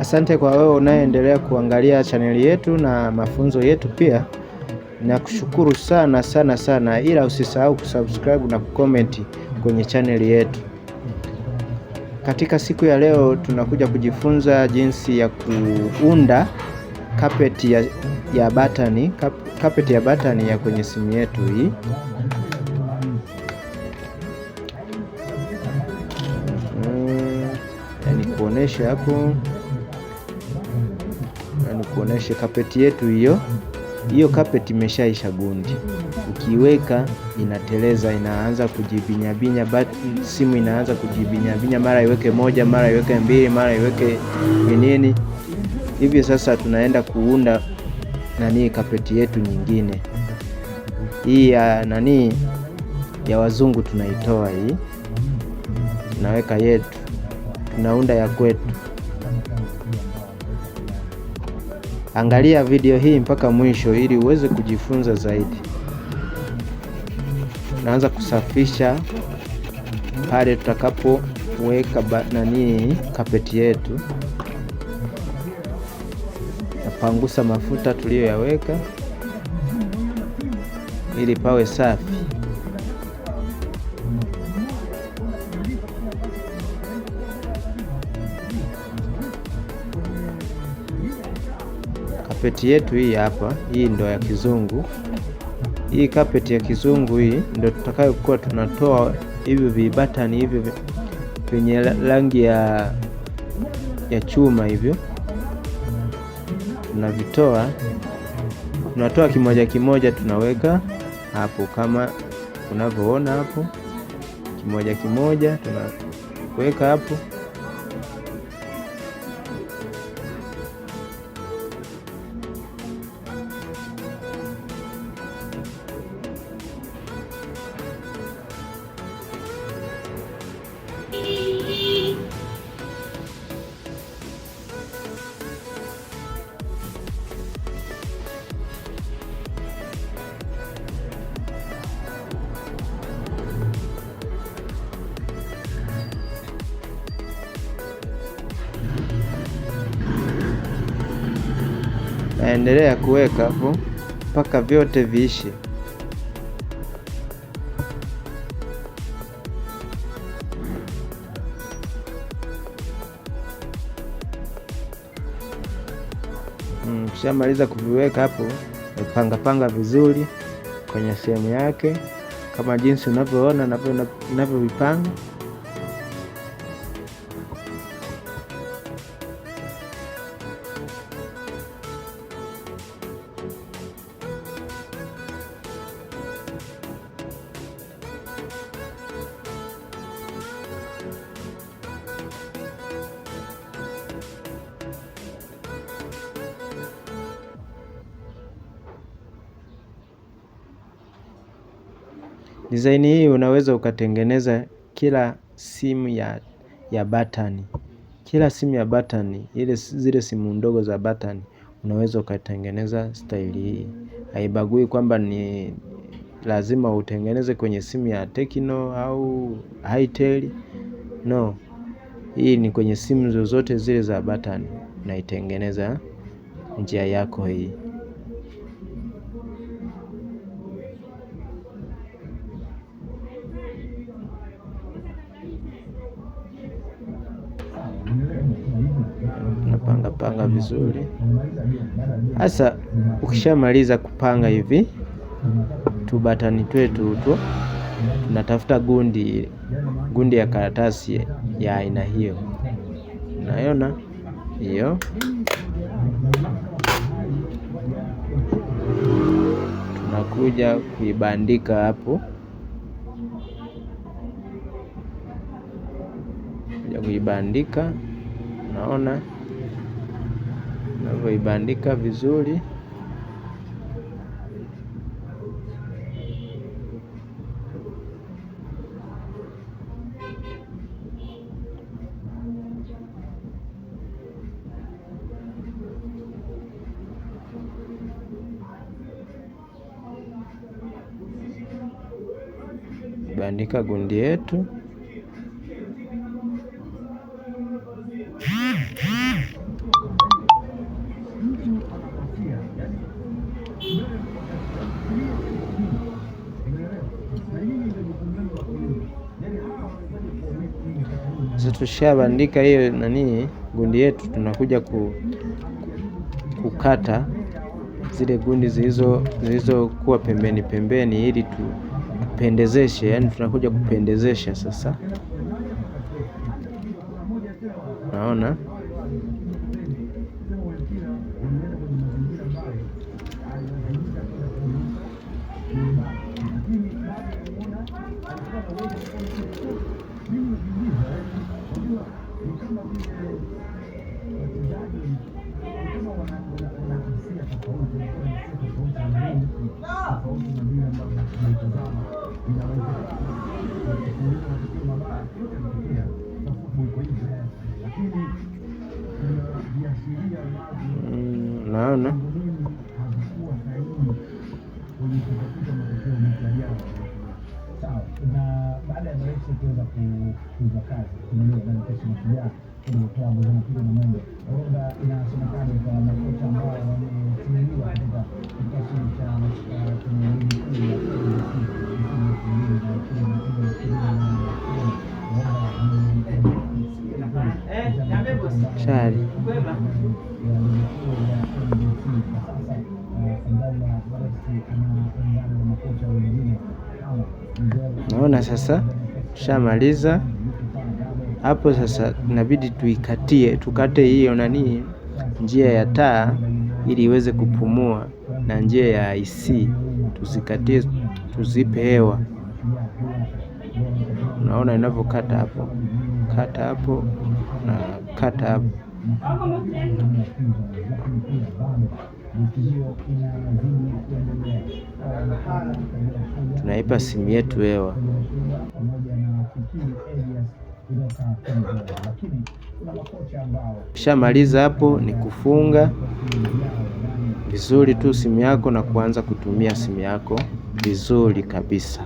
Asante kwa wewe unayeendelea kuangalia chaneli yetu na mafunzo yetu pia nakushukuru sana sana sana, ila usisahau kusubscribe na kukomenti kwenye chaneli yetu. Katika siku ya leo tunakuja kujifunza jinsi ya kuunda carpet ya, ya batani carpet ya batani ya kwenye simu yetu hii. Hmm, yani kuonesha hapo nikuoneshe kapeti yetu hiyo hiyo kapeti imeshaisha gundi, ukiweka inateleza, inaanza kujibinyabinya, simu inaanza kujibinyabinya, mara iweke moja, mara iweke mbili, mara iweke vinini hivyo. Sasa tunaenda kuunda nani kapeti yetu nyingine hii ya nani ya wazungu, tunaitoa hii, tunaweka yetu, tunaunda ya kwetu. Angalia video hii mpaka mwisho ili uweze kujifunza zaidi. Naanza kusafisha pale tutakapoweka nani kapeti yetu. Napangusa mafuta tuliyoyaweka ili pawe safi. kapeti yetu hii hapa, hii ndo ya kizungu. Hii kapeti ya kizungu hii ndo tutakayokuwa tunatoa hivyo vibatani hivyo vyenye rangi ya, ya chuma hivyo tunavitoa, tunatoa kimoja kimoja, tunaweka hapo kama unavyoona hapo, kimoja kimoja tunaweka hapo. naendelea kuweka hapo mpaka vyote viishe. kishamaliza mm, kuviweka hapo, pangapanga vizuri kwenye sehemu yake kama jinsi unavyoona navyovipanga. Design hii unaweza ukatengeneza kila simu ya, ya batani. Kila simu ya batani, ile zile simu ndogo za batani, unaweza ukatengeneza staili hii. Haibagui kwamba ni lazima utengeneze kwenye simu ya Tecno au Hitel. No, hii ni kwenye simu zozote zile za batani. Unaitengeneza njia yako hii. kupanga vizuri. Sasa ukishamaliza kupanga hivi, tubatani twetu tu tunatafuta gundi, gundi ya karatasi ya aina hiyo, nayona hiyo tunakuja kuibandika hapo ya kuibandika, naona navyoibandika vizuri bandika gundi yetu. sasa tushabandika hiyo nani gundi yetu, tunakuja ku, kukata zile gundi zilizokuwa pembeni pembeni, ili tu, tupendezeshe. Yani tunakuja kupendezesha sasa, naona naona sawa. Na baada ya Mechi kuweza kuuza kazi kunuliwa ndani pesa mashujaa kwenye klabu za na mwendo, orodha inasemekana kwa makocha ambao wamesimamiwa katika kikosi cha uh, kwenye ligi kuu ya kwa sasa, uh, ambao barasi anaungana na makocha wengine Naona sasa tushamaliza hapo. Sasa inabidi tuikatie, tukate hiyo nani, njia ya taa ili iweze kupumua na njia ya IC tuzikatie, tuzipe hewa. Unaona inavyokata hapo, kata hapo na kata hapo hiyo inazidi kuendelea. Tunaipa simu yetu hewa maliza hapo ni kufunga vizuri tu simu yako na kuanza kutumia simu yako vizuri kabisa.